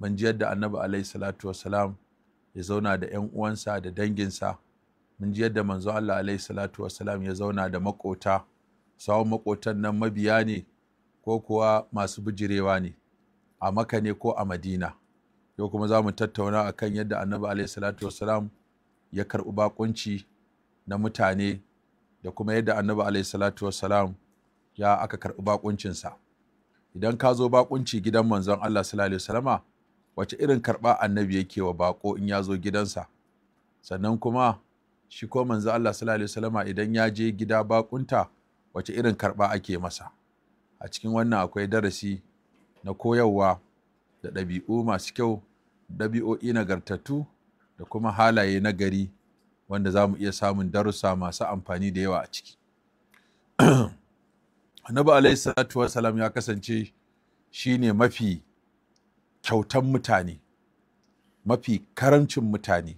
ban ji yadda annabi alaihi salatu ya zauna da ‘yan uwansa da danginsa, mun ji yadda manzo Allah alaihi salatu ya zauna da makota sawon makotan nan mabiya ne ko kuwa masu bijirewa ne, a maka ne ko a madina. Yau kuma za mu tattauna a kan yadda annabi alaihi salatu ya karɓi baƙunci na mutane da kuma yadda annabi alaihi salatu ya aka karɓi baƙuncinsa. Idan ka zo baƙunci gidan manzon Allah sallallahu alaihi wasallama wace irin karɓa annabi yake wa baƙo in ya zo gidansa sannan kuma shi ko manzo Allah sallallahu alaihi idan ya je gida baƙunta wace irin karɓa ake masa a cikin wannan akwai darasi na koyarwa da ɗabi'u masu kyau ɗabi'o'i nagartattu da kuma halaye na gari wanda zamu iya samun darussa masu amfani da yawa a ciki annabi alaihi salatu wasalam ya kasance shine mafi kyautan mutane mafi karancin mutane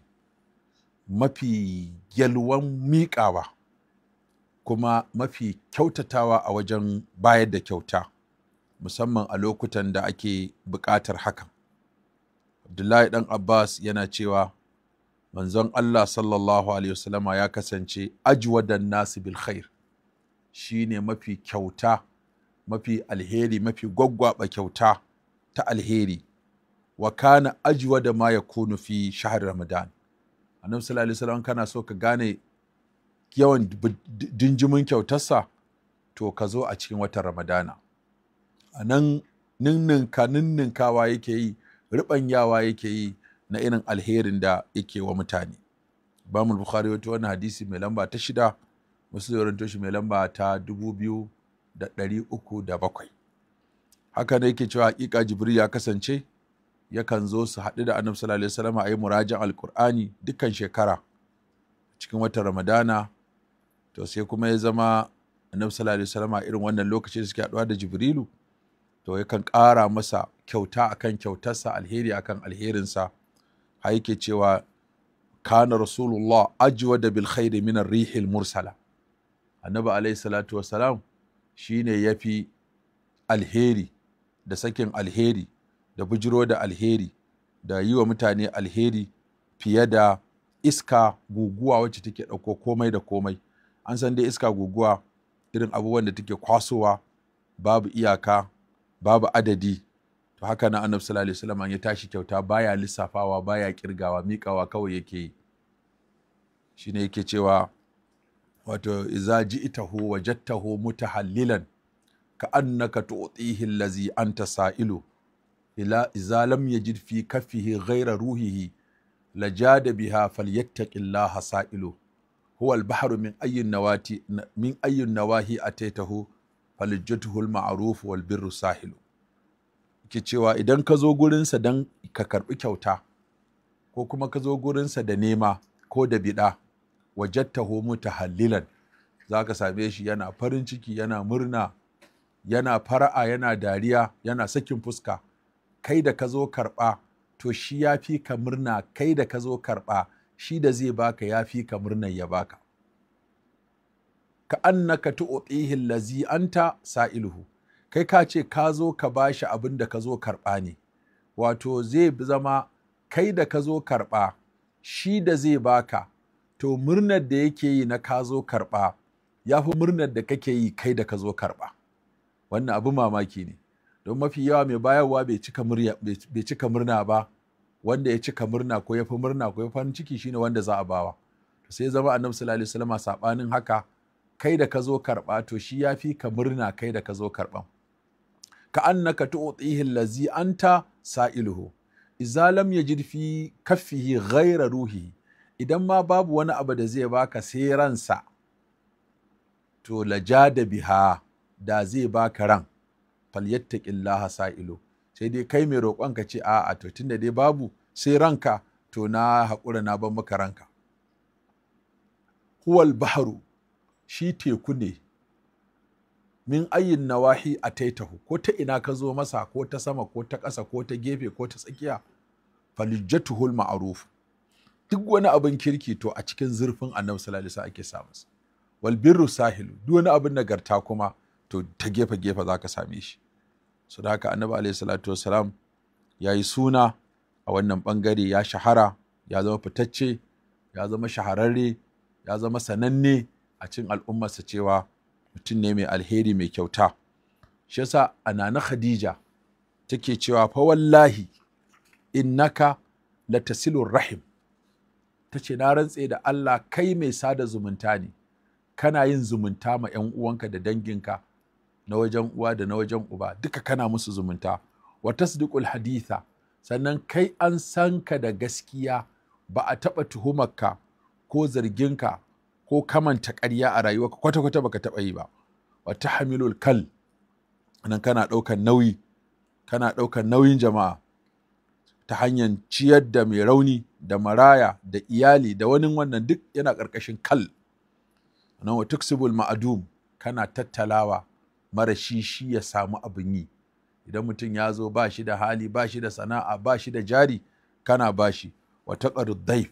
mafi yalwan miƙawa kuma mafi kyautatawa a wajen bayar da kyauta musamman a lokutan da ake buƙatar hakan abdullahi ɗan abbas yana cewa manzon allah sallallahu alaihi wasallama ya kasance ajwadan nasu bilkhair shi ne mafi kyauta mafi alheri mafi gwaggwaɓa kyauta ta alheri wa kana ajiwa da ma kunu fi shahar ramadan annabi sallallahu alaihi wasallam kana so ka gane yawan dinjimin kyautarsa to ka zo a cikin watan ramadana a nan ninninka ninninkawa yake yi yawa yake yi na irin alherin da yake wa mutane bamul bukhari wata wani hadisi mai lamba ta shida wasu zaurin toshi mai lamba ta dubu biyu da ɗari uku da bakwai haka ne yake cewa hakika jibril ya kasance yakan zo su haɗu da annabi sallallahu alaihi wasallam a yi murajin alkur'ani dukkan shekara cikin watan ramadana to sai kuma ya zama annabi sallallahu alaihi wasallam a irin wannan lokaci da suke haɗuwa da jibrilu to yakan ƙara masa kyauta akan kyautarsa alheri akan alherinsa har yake cewa kana rasulullah ajwada bil khairi min rihil mursala annabi alaihi salatu wasalam shine yafi alheri da sakin alheri da bujiro da alheri da yi wa mutane alheri fiye da iska guguwa wacce take ɗauko komai da komai an san dai iska guguwa irin abubuwan da take kwasowa babu iyaka babu adadi to haka na annabi sallallahu alaihi wasallam ya tashi kyauta baya lissafawa baya kirgawa miƙawa kawai yake yi shine yake cewa wato iza ji'tahu wajadtahu mutahallilan ka annaka tu'tihi allazi anta sa'ilu ila iza lam yajid fi kafihi ghaira ruhihi lajada biha falyattaqillaha sa'ilu huwa al-bahru min ayyin nawati min ayyin nawahi ataitahu faljatuhu al-ma'ruf wal birru ki cewa idan ka zo gurinsa dan ka karbi kyauta ko kuma ka zo gurinsa da nema ko da biɗa, wajen bida wajattahu mutahallilan zaka same shi yana farin ciki yana murna yana fara'a yana dariya yana sakin fuska kai da ka zo karɓa to shi ya fi ka murna kai da ka zo karɓa shi da zai baka ya fi ka murna ya baka ka annaka tu'tihi allazi anta sa'iluhu kai ka ce ka zo ka bashi abin da ka zo karɓa ne wato zai zama kai da ka zo karɓa shi da zai baka to murnar da yake yi na ka zo karɓa ya fi murnar da kake yi kai da ka zo karɓa wannan abu mamaki ne don mafi yawa mai bayarwa bai cika murna ba wanda ya cika murna ko ya fi murna ko ya fi farin ciki shine wanda za a bawa to sai zama annabi sallallahu alaihi wasallam sabanin haka kai da ka zo karba to shi ya fi ka murna kai da ka zo karban ka annaka tu'tihi allazi anta sa'iluhu idza lam yajid fi kaffihi gaira ruhi idan ma babu wani abu da zai baka sai ransa to da biha da zai baka ran falyattaqillaha sa'ilu sai dai kai mai roƙon ka ce a'a to tunda dai babu sai ranka to na haƙura na ban maka ranka huwal baharu shi teku ne min ayin nawahi a taitahu ko ta ina ka zo masa ko ta sama ko ta ƙasa ko ta gefe ko ta tsakiya falijjatuhul ma'ruf duk wani abin kirki to a cikin zurfin annabi sallallahu alaihi ake samu wal birru sahilu duk wani abin nagarta kuma to ta gefe gefe za ka same shi su da haka annabi alaihi salatu wasalam ya yi suna a wannan bangare ya shahara ya zama fitacce ya zama shahararre ya zama sananne a cikin al'ummarsa cewa mutum ne mai alheri mai kyauta shi yasa nana khadija take cewa fa wallahi innaka latasilur rahim ta ce na rantse da Allah kai mai sada zumunta ne kana yin zumunta ma 'yan uwanka da danginka na wajen uwa da na wajen uba duka kana musu zumunta wa tasdiqul haditha sannan kai an san ka da gaskiya ba a taɓa tuhumarka ko zarginka ko kamanta ƙarya a rayuwa. kwata-kwata baka taɓa yi ba wa tahmilul kal nan kana ɗaukar nauyi kana ɗaukar nauyin jama'a ta hanyar ciyar da mai rauni da maraya da iyali da wani wannan duk yana ƙarƙashin kal nan wa tuksibul ma'adum kana tattalawa marashi shi ya samu abin yi idan mutum ya zo ba shi da hali ba shi da sana'a ba shi da jari kana ba shi Wata ƙarudai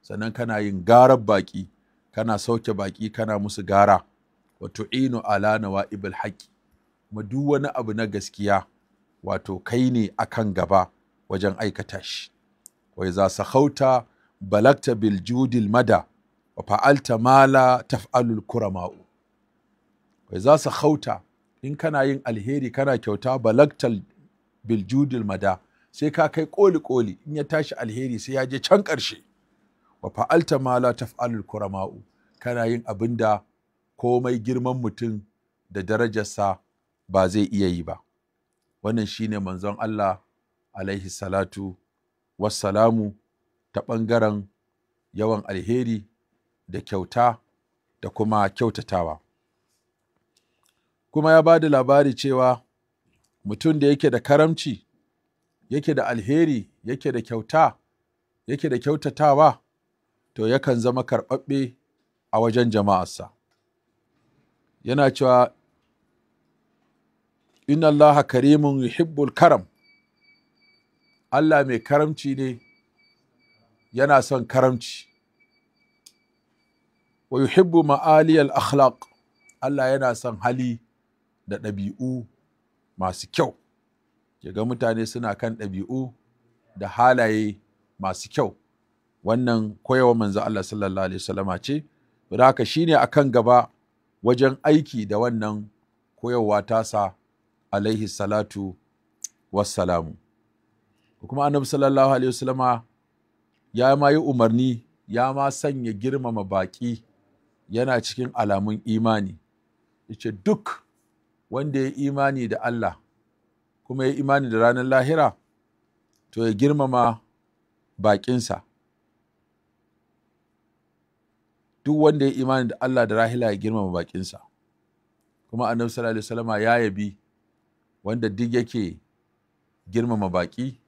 sannan kana yin garar baƙi, kana sauke baƙi, kana musu gara wato inu ala nawa'ibul haqqi kuma duk wani abu na gaskiya wato kai ne akan gaba wajen aikata shi wai za su balagta bil judil mada wa fa'alta mala taf'alul kurama'u wai za hauta? in kana yin alheri kana kyauta balagtal biljudil mada sai ka kai koli koli in ya tashi alheri sai ya je can ƙarshe wa fa'alta ma la taf'alul kurama'u kana yin abin da komai girman mutum da darajarsa ba zai iya yi ba wannan shine manzon Allah alaihi salatu wassalamu ta ɓangaren yawan alheri da kyauta da kuma kyautatawa kuma ya ba da labari cewa mutum da yake da karamci yake da alheri yake da kyauta yake da kyautatawa to yakan zama karɓaɓɓe a wajen jama'arsa yana cewa inna allaha karimun yuhibbul karam allah mai karamci ne yana son karamci wa yuhibbu ma'aliyal akhlaq allah yana son hali da ɗabi'u masu kyau ga mutane suna kan ɗabi'u da halaye masu kyau wannan koyawa manzo Allah sallallahu alaihi wasallama ce haka shine akan gaba wajen aiki da wannan koyarwa tasa alaihi salatu wassalamu kuma annabi sallallahu alaihi wasallama ya ma yi umarni ya ma sanya girmama baƙi yana cikin alamun imani yace duk wanda ya imani da Allah kuma ya imani da ranar lahira to ya girmama bakinsa. duk wanda ya imani da Allah da rahila ya girmama bakinsa. kuma annabi sallallahu alaihi wasallama ya yabi wanda duk yake girmama baki,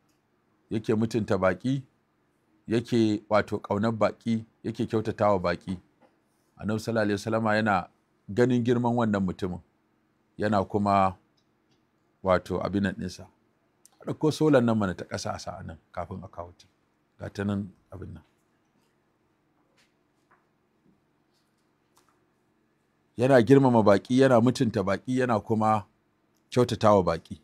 yake mutunta baki, yake wato kaunar baki, yake kyautatawa baki, annabi sallallahu alaihi wasallama yana ganin girman wannan mutumin yana kuma wato abin nisa, a ɗauko solan nan mana ta ƙasa a sa'a nan kafin a kawo ta ga ta nan abin nan yana girmama baƙi yana mutunta baƙi yana kuma kyautata wa baƙi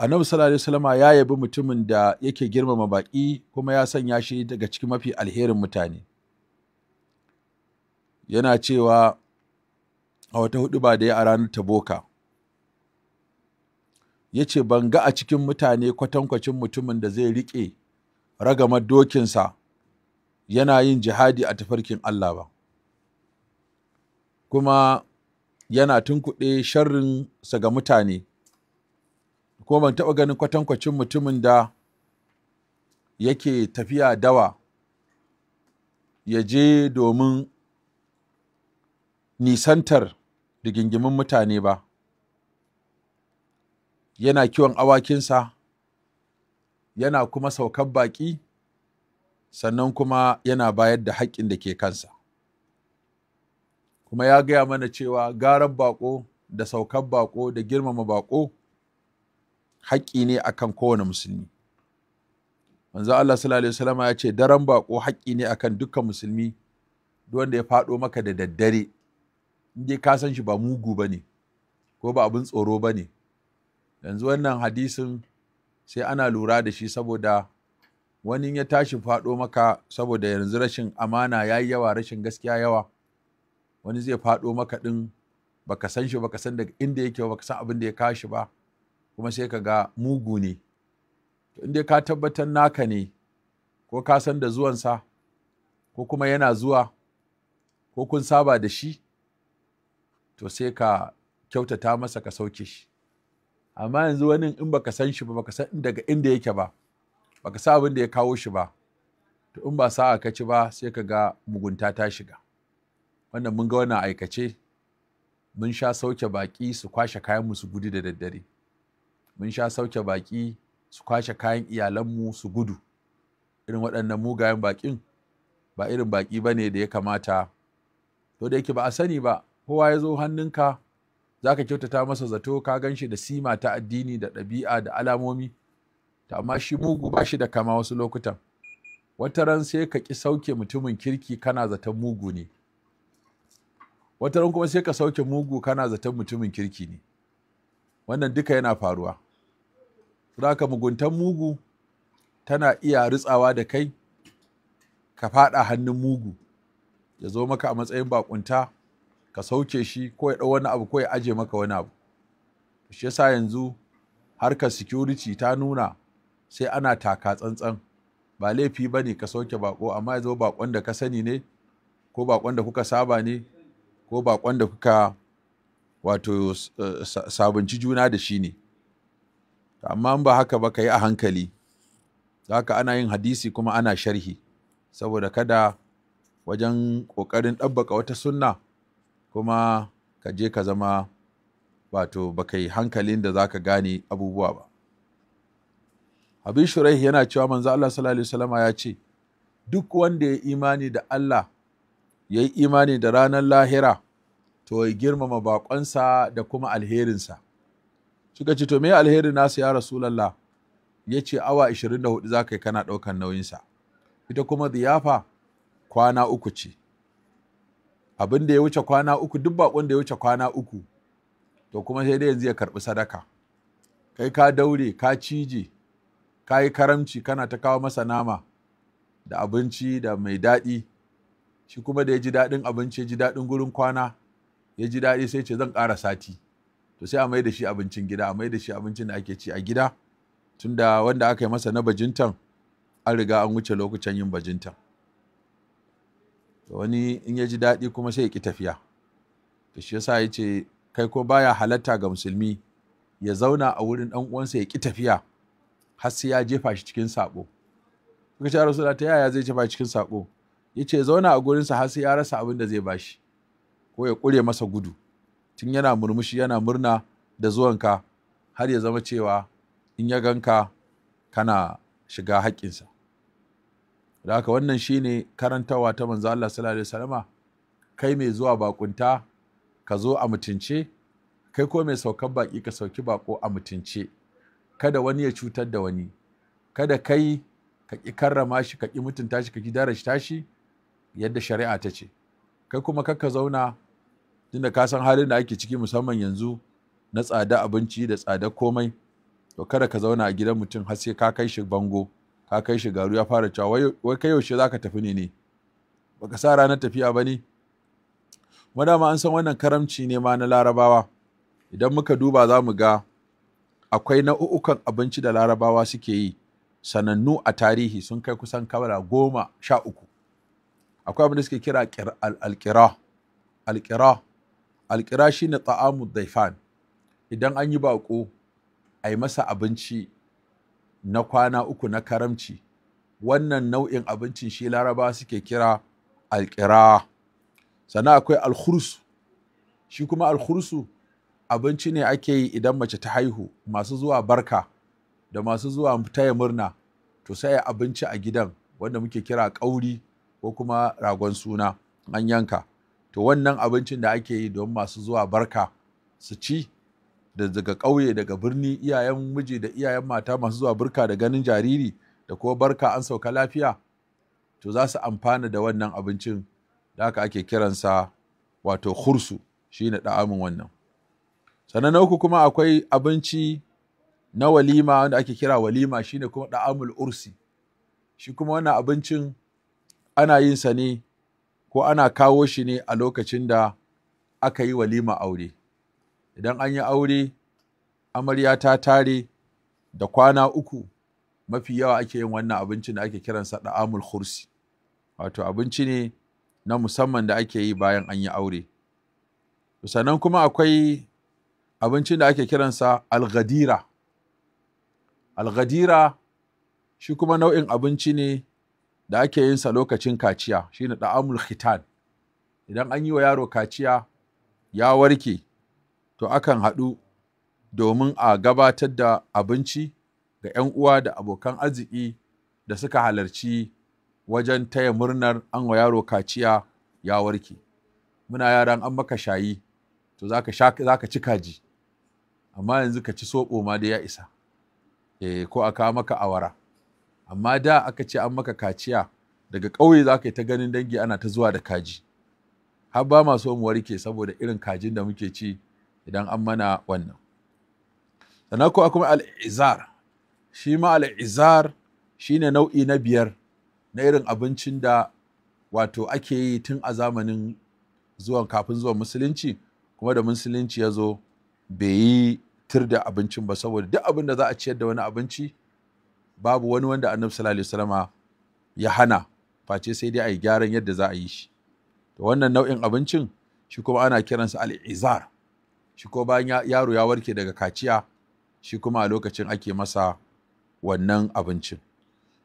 annabi sallallahu alaihi salama ya yabi mutumin da yake girmama baƙi kuma ya sanya shi daga cikin mafi alherin mutane yana cewa a wata hudu ba da ya a ranar taboka ya ce ban ga a cikin mutane kwatankwacin mutumin da zai riƙe ragamar dokinsa yana yin jihadi a tafarkin Allah ba kuma yana tunkuɗe sa ga mutane ko ban taɓa ganin kwatankwacin mutumin da yake tafiya dawa ya je domin nisantar rigingimin mutane ba yana kiwon awakinsa yana kuma saukar baƙi sannan kuma yana bayar da haƙƙin da ke kansa kuma ya gaya mana cewa garar baƙo da saukar baƙo da girmama baƙo haƙƙi ne akan kowane musulmi manzo Allah sallallahu alaihi ya ce daren baƙo haƙƙi ne akan dukkan musulmi duk wanda ya faɗo maka da daddare in dai ka san shi ba mugu ba ne ko ba abin tsoro ba ne yanzu wannan hadisin sai ana lura da shi saboda wani ya tashi faɗo maka saboda yanzu rashin amana ya yi yawa rashin gaskiya yawa wani zai faɗo maka ɗin baka san shi baka san daga inda yake baka san abin da ya kashi ba kuma sai ka ga mugu ne to inda ka tabbatar naka ne ko ka san da zuwansa ko kuma yana zuwa ko kun saba da shi to sai ka kyautata masa ka sauke shi amma yanzu wani in baka san shi ba baka san daga inda yake ba baka san abin da ya kawo shi ba to in ba sa'a ka ci ba sai ka ga mugunta ta shiga wannan mun ga wannan aikace mun sha sauke baki su kwashe kayan mu su gudu da daddare mun sha sauke baki su kwashe kayan mu su gudu irin waɗannan mugayen baƙin ba irin baƙi ba ne da ya kamata to da yake ba a sani ba kowa ya zo hannunka za ka kyautata masa zato ka gan shi da sima ta addini da ɗabi'a da alamomi ta amma shi mugu ba shi da kama wasu lokutan wata ran sai ka ƙi sauke mutumin kirki kana zaton mugu ne wata ran kuma sai ka sauke mugu kana zaton mutumin kirki ne wannan duka yana faruwa ka muguntan mugu tana iya ritsawa da kai ka faɗa hannun mugu ya zo maka a matsayin baƙunta. ka sauke shi ko ya wani abu ko ya aje maka wani abu shi yasa yanzu harkar security ta nuna sai ana taka tsantsan ba laifi ba ne ka sauke bako amma ya zo bakon da ka sani ne ko bakon da kuka saba ne ko bakon da kuka wato eh, sabunci juna da shi ne amma ba haka ba ka yi a hankali Za ka ana yin hadisi kuma ana sharhi saboda kada wajen ƙoƙarin ɗabbaka wata sunna kuma ka je ka zama wato baka yi hankalin da za ka gane abubuwa ba Habib yana cewa manzo Allah sallallahu alaihi ya ce duk wanda ya imani da Allah ya yi imani da ranar lahira to ya girmama baƙonsa da kuma alherinsa suka ce to me alherin nasu ya rasulallah ya ce awa 24 za ka yi kana ɗaukan nauyinsa ita kuma ziyafa kwana uku ce abin da ya wuce kwana uku duk bakon da ya wuce kwana uku to kuma sai dai yanzu ya karbi sadaka kai ka daure ka cije ka yi karamci kana ta kawo masa nama da abinci da mai daɗi shi kuma da ya ji daɗin abinci ya ji daɗin gurin kwana ya ji daɗi sai ce zan ƙara sati to sai a mai da shi abincin gida a mai da shi abincin da ake ci a gida tunda wanda aka yi masa na bajintan an riga an wuce lokacin yin bajintan wani in ya ji daɗi kuma sai ya ƙi tafiya da shi yasa ya ce kai ko baya halatta ga musulmi ya zauna a wurin ɗan uwansa ya ƙi tafiya har sai ya jefa shi cikin saƙo kuka ce ta yaya zai jefa cikin saƙo ya ce zauna a gurinsa har sai ya rasa abin da zai bashi ko ya ƙure masa gudu tun yana murmushi yana murna da zuwanka har ya zama cewa in ya ganka kana shiga haƙƙinsa da haka wannan shine karantawa ta manzo Allah sallallahu alaihi wasallama kai mai zuwa bakunta ka zo a mutunce kai ko mai saukan baki ka sauki bako a mutunce kada wani ya cutar da wani kada kai ka ƙi karrama shi ka ƙi mutunta shi ka ƙi darashi tashi yadda shari'a ta ce kai kuma kakka zauna tunda ka san halin da ake ciki musamman yanzu na tsada abinci da tsada komai to kada ka zauna a gidan mutum har sai ka kai shi bango ka kai shi garu ya fara cewa wai kai yaushe za ka tafi ne ne baka sa ranar tafiya ba ne madama an san wannan karamci ne ma na larabawa idan muka duba za mu ga akwai nau'ukan abinci da larabawa suke yi sanannu a tarihi sun kai kusan kamara goma sha uku akwai abin da suke kira alƙira alƙira alƙira shi ne ta'amu daifan idan an yi baƙo ai masa abinci na kwana uku na karamci wannan nau'in abincin shi laraba suke kira alƙira sannan akwai alkhursu shi kuma alkhursu abinci ne ake yi idan mace ta haihu masu zuwa barka da masu zuwa taya murna to sai abinci a gidan wanda muke kira ƙauri ko kuma ragon suna an yanka to wannan abincin da ake yi don masu zuwa barka su ci da daga ƙauye daga birni iyayen miji da iyayen mata masu zuwa burka da ganin jariri da kuma barka an sauka lafiya to za su amfana da wannan abincin da aka ake kiransa wato khursu ne da'amin wannan sannan na uku kuma akwai abinci na walima wanda ake kira walima shi ne kuma da'amul ursi shi kuma wannan abincin ana yin sa ne ko ana kawo shi ne a lokacin da aka yi walima aure idan an yi aure amarya ta tare da kwana uku mafi yawa ake yin wannan abinci da ake kiransa amul khursi wato abinci ne na musamman da ake yi bayan an yi aure sannan kuma akwai abincin da ake kiransa alghadira alghadira shi kuma nau'in abinci ne da ake yin sa lokacin kaciya shine ɗa'amul khitan idan an yi wa yaro kaciya ya warke to akan haɗu domin a gabatar da abinci ga 'yan uwa da abokan arziki da suka halarci wajen taya murnar an wa yaro kaciya ya warke muna yaran an maka shayi to za ka ci kaji amma yanzu ka ci soɓo ma da ya isa e, ko a kawo maka awara amma da aka ce an maka kaciya daga ƙauye za ka yi ta ganin dangi ana ta zuwa da kaji har ba ma so mu warke saboda irin kajin da muke ci idan an mana wannan sannan ko kuma al'izar shi ma al'izar shi ne nau'i na biyar na irin abincin da wato ake yi tun a zamanin zuwan kafin zuwan musulunci kuma da musulunci ya zo bai yi tur da abincin ba saboda duk abin da za a ciyar da wani abinci babu wani wanda annabi sallallahu alaihi wasallam ya hana face sai dai a yi gyaran yadda za a yi shi to wannan nau'in abincin shi kuma ana kiransa al'izar shi ko bayan yaro ya warke daga kaciya shi kuma a lokacin ake masa wannan abincin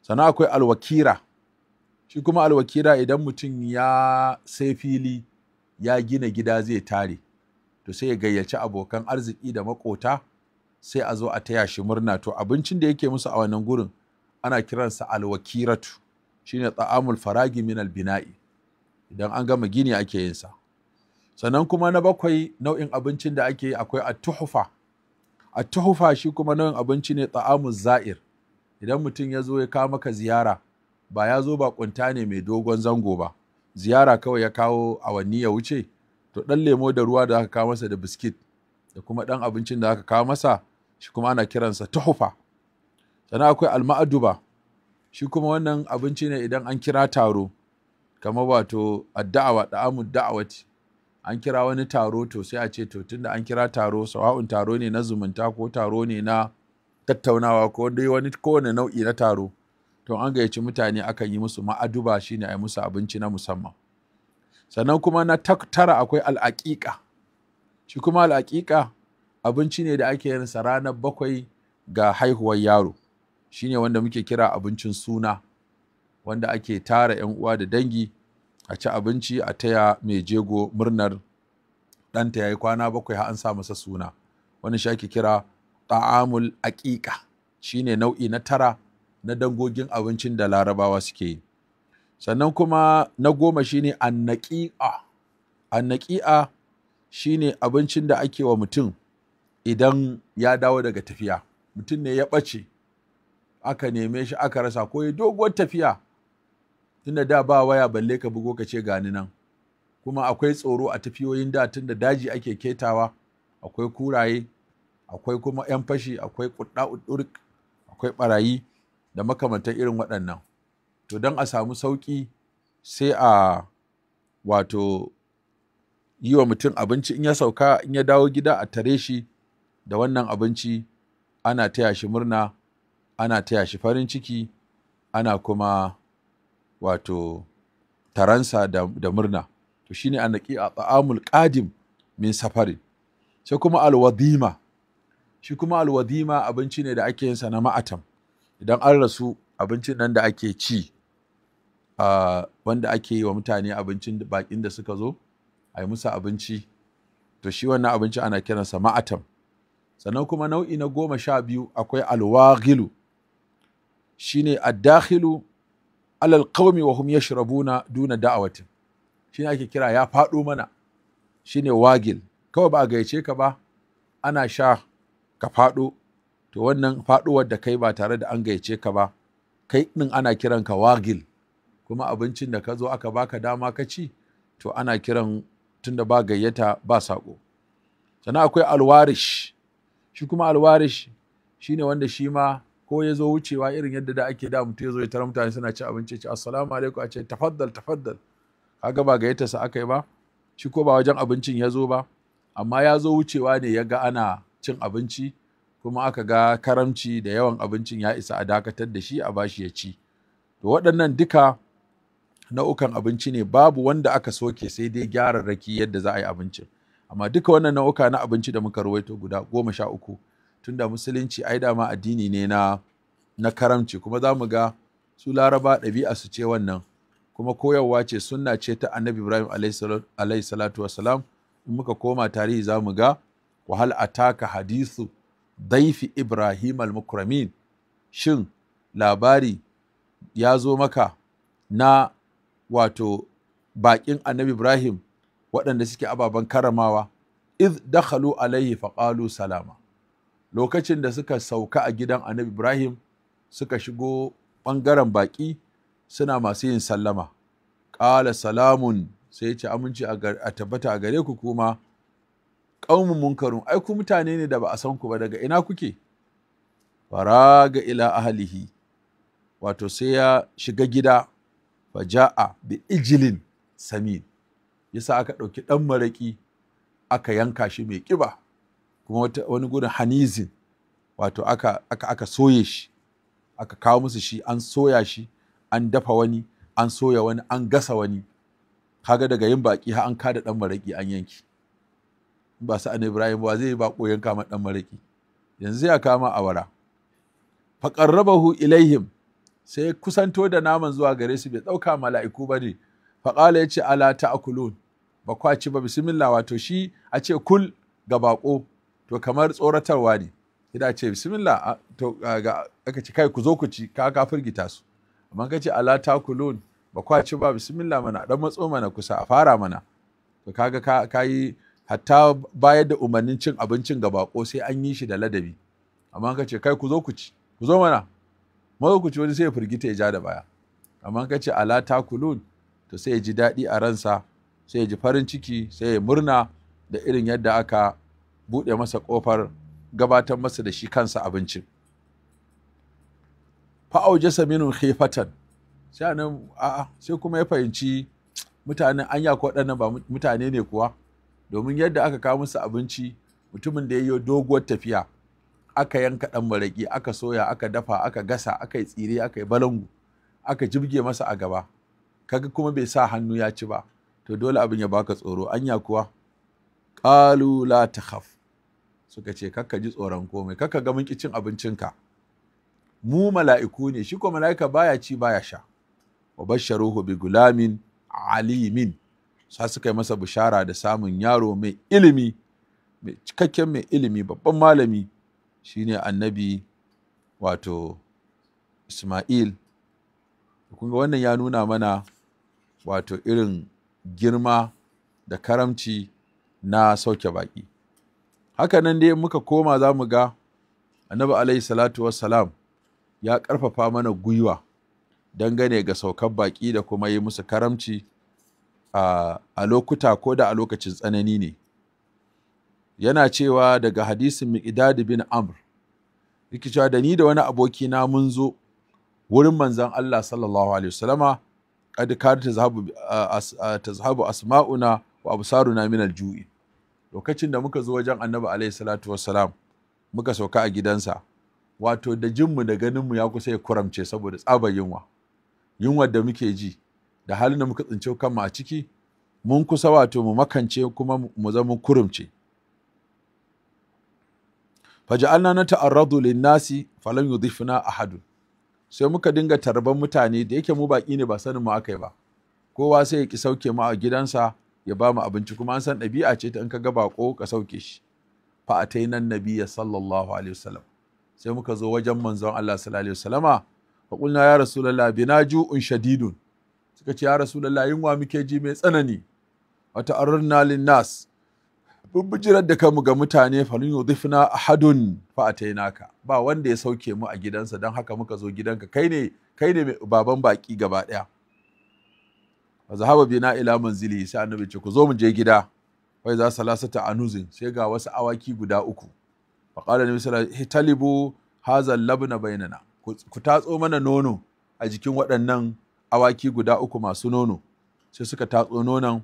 sannan akwai alwakira shi kuma alwakira idan mutum ya sai fili ya gina gida zai tare to sai ya gayyaci abokan arziki da makota sai a zo a taya shi murna to abincin da yake musu a wannan gurin ana kiransa alwakiratu shine tsa'amul faragi min albina'i idan an gama gini ake yinsa. sannan kuma na bakwai nau'in abincin da ake yi akwai a tuhufa. A tuhufa shi kuma nau'in abinci ne ta'amu za'ir idan mutum ya zo ya kawo maka ziyara ba ya zo ba kunta ne mai dogon zango ba ziyara kawai ya kawo awanni ya wuce to dan lemo da ruwa da aka kawo masa da biskit da kuma dan abincin da aka kawo masa shi kuma ana kiransa tuhufa. sannan akwai alma'aduba shi kuma wannan abinci ne idan an kira taro kamar wato addawa da'amu da'awati an kira wani taro to sai a ce to tunda an kira taro sawa'un taro ne na zumunta ko taro ne na tattaunawa ko dai wani kowane nau'i na taro to an gayyaci mutane akan yi musu ma'aduba shine a yi musu abinci na musamman sannan kuma na tara akwai al'aƙiƙa shi kuma al'aƙiƙa abinci ne da ake yinsa ranar bakwai ga haihuwar yaro shi ne wanda muke kira abincin suna wanda ake tara 'yan uwa da dangi a ci abinci a taya mai jego murnar ɗanta ya yi kwana bakwai har an sa masa suna wani shi ake kira ta'amul aƙiƙa shine nau'i na tara na dangogin abincin da larabawa suke yi sannan kuma na goma shine annaƙi'a annaƙi'a shine abincin da ake wa mutum idan ya dawo daga tafiya mutum ne ya ɓace aka neme shi aka rasa ko ya doguwar tafiya tunda da ba waya balle ka bugo ka ce gani nan kuma akwai tsoro a tafiyoyin da tunda daji ake ketawa akwai kuraye akwai kuma 'yan fashi akwai kuɗa akwai barayi da makamantan irin waɗannan to don a samu sauƙi sai a wato yi wa mutum abinci in ya sauka in ya dawo gida a tare shi da wannan abinci ana taya shi murna ana taya shi farin ciki ana kuma wato taransa da, da murna to shine annaki a tsa'amul qadim min safarin sai kuma alwadima shi kuma alwadima abinci ne da ake yin na ma'atam idan an rasu abincin nan da ake ci uh, wanda ake yi wa mutane abincin baƙin da suka zo a yi musu abinci to shi wannan abinci ana kiransa ma'atam sannan kuma nau'i na goma sha biyu akwai alwagilu shine addakhilu alal qaumi wa hum yashrabuna duna da'awatin shine ake kira ya faɗo mana shine wagil kawai ba a gayyace ka ba ana sha ka faɗo to wannan faɗuwar da kai ba tare da an gayyace ka ba kai ɗin ana kiran ka wagil kuma abincin da ka zo aka baka dama ka ci to ana kiran tunda ba gayyata ba saƙo sannan akwai alwarish shi kuma alwarish shine wanda shi ma ko ya zo wucewa irin yadda da ake da mutum ya zo ya tara mutane suna ci abinci ci assalamu alaikum a ce tafaddal tafaddal ga ba gayyata sa aka yi ba shi ko ba wajen abincin ya zo ba amma ya zo wucewa ne ya ga ana cin abinci kuma aka ga karamci da yawan abincin ya isa a dakatar da shi a bashi ya ci to waɗannan duka nau'ukan abinci ne babu wanda aka soke sai dai gyararraki yadda za a yi abincin amma duka wannan nau'uka na abinci da muka ruwaito guda goma sha uku tunda musulunci ai dama addini ne na na karamci kuma za mu ga su laraba ɗabi'a su ce wannan kuma koyarwa ce sunna ce ta annabi ibrahim alayhi salatu wasalam in muka koma tarihi za mu ga wahal ataka hadithu daifi ibrahim al-mukramin shin labari ya zo maka na wato baƙin annabi ibrahim waɗanda suke ababen karamawa iz dakhalu Alayhi faqalu salama lokacin da suka sauka a gidan annabi ibrahim suka shigo ɓangaren baƙi suna masu yin sallama ƙala salamun sai ya ce aminci a tabbata a gare ku kuma ƙaumin munkarun ai ku mutane ne da ba a san ku ba daga ina kuke faraga ila ahalihi wato sai ya shiga gida faja'a bi ijilin samin yasa aka ɗauki ɗan maraƙi aka yanka shi mai ƙiba kuma wani gurin hanizin wato aka, aka, aka soye shi aka kawo musu shi an soya shi an dafa wani an soya wani an gasa wani kaga daga yin baki ha, an kada dan maraki an yanki ba su annabi ibrahim ba zai ba koyan kama dan maraki yanzu ya kama awara fa qarrabahu ilaihim sai kusanto da naman zuwa gare su bai dauka mala'iku bane fa qala yace ala ta'kulun ba kwaci ba bismillah wato shi a ce kul ga bako to kamar tsoratarwa ne Ina ce bismillah to ga aka ce kai ku zo ku ci ka ka firgita su amma ka ce ala takulun ba kwa ci ba bismillah mana dan matso mana kusa a fara mana to kaga ka kayi hatta bayar da umarnin cin abincin ga bako sai an yi shi da ladabi amma ka ce kai ku zo ku ci ku zo mana mazo ku ci wani sai ya firgita ya ja da baya amma ka ce ala takulun to sai ya ji daɗi a ransa sai ya ji farin ciki sai ya murna da irin yadda aka buɗe masa ƙofar gabatar masa da shi kansa abincin jasa minun khifatan sai nan sai kuma ya fahimci mutanen anya waɗannan ba mutane ne kuwa domin yadda aka kawo musu abinci mutumin da ya yi doguwar tafiya aka yanka ɗan maraƙi aka soya aka dafa aka gasa aka yi tsire aka yi balangu aka jibge masa a gaba kaga kuma bai sa hannu ya ci ba to dole abin ya baka tsoro anya kuwa ƙalu la haf. suka ce kakka ji tsoron komai kakka ga mun cin abincinka mu mala'iku ne shi ko mala'ika baya ci baya sha wa basharuhu bi gulamin alimin sa suka yi masa bishara da samun yaro mai ilimi mai cikakken mai ilimi babban malami shine annabi wato Ismail kun ga wannan ya nuna mana wato irin girma da karamci na sauke baƙi haka nan dai muka koma za mu ga annabi alaihi salatu wassalam ya ƙarfafa mana gwiwa dangane ga saukar baƙi da kuma yi musu karamci a lokuta ko da a lokacin tsanani ne yana cewa daga hadisin miƙidadi bin amr yake cewa da ni da wani abokina mun zo wurin manzan Allah sallallahu alaihi wasallama kad kar tazhabu asma'una wa na min al-ju'in lokacin da muka zo wajen annabi alaihi salatu muka sauka a gidansa wato da jinmu da ganinmu ya kusa ya kuramce saboda tsabar yunwa yunwa da muke ji da halin da muka tsinci kanmu a ciki mun kusa wato mu makance kuma mu zama kurumce faja'alna na ta'arradu linnasi falan yudhifna ahadun sai muka dinga tarban mutane da yake mu baki ne ba sanin mu akai ba kowa sai ya ki sauke mu a gidansa ya ba mu abinci kuma an san ɗabi'a ce ta in ka ga baƙo ka sauke shi fa a nan Nabiya sallallahu alaihi wasallam sai muka zo wajen manzon Allah sallallahu alaihi wasallama fa qulna ya rasulullah bina ju'un shadidun suka ce ya rasulullah yunwa muke ji mai tsanani wa ta'arrarna nas. nas bijirar da kanmu ga mutane falun yudhifna hadun fa naka. ba wanda ya sauke mu a gidansa don haka muka zo gidanka kai ne kai ne baban baki gaba daya zahaba na ila manzili sai annabi ce ku zo mu je gida wai za salasata anuzin sai ga wasu awaki guda uku fa qala nabi sallallahu alaihi talibu hazal labna bainana ku tatso mana nono a jikin waɗannan awaki guda uku masu nono sai suka tatso nonon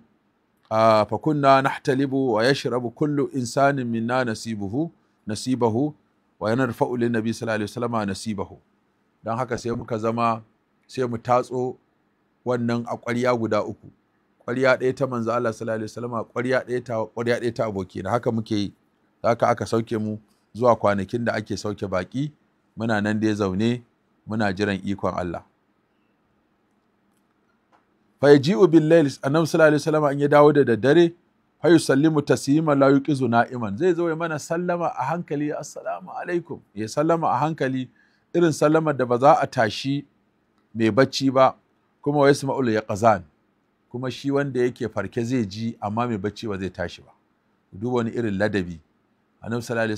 fa kunna nahtalibu wa yashrabu kullu insanin minna nasibuhu nasibahu wa yanarfa'u lin nabi sallallahu alaihi wasallama nasibahu dan haka sai muka zama sai mu tatso wannan a ƙwarya guda uku ƙwarya ɗaya ta manzo Allah sallallahu alaihi wasallam ƙwarya ɗaya ta ƙwarya ɗaya ta aboki da haka muke yi haka aka sauke mu zuwa kwanakin da ake sauke baki muna nan dai zaune muna jiran ikon Allah fa yaji'u bil layl annabi sallallahu alaihi wasallam in ya dawo da daddare fa yusallimu taslima la yuqizu na'iman zai zo ya mana sallama a hankali assalamu alaikum ya sallama a hankali irin sallamar da ba za a tashi mai bacci ba kuma wai wa ya ƙazan kuma shi wanda yake farke zai ji amma mai bacci ba zai tashi ba duba wani irin ladabi annabi sallallahu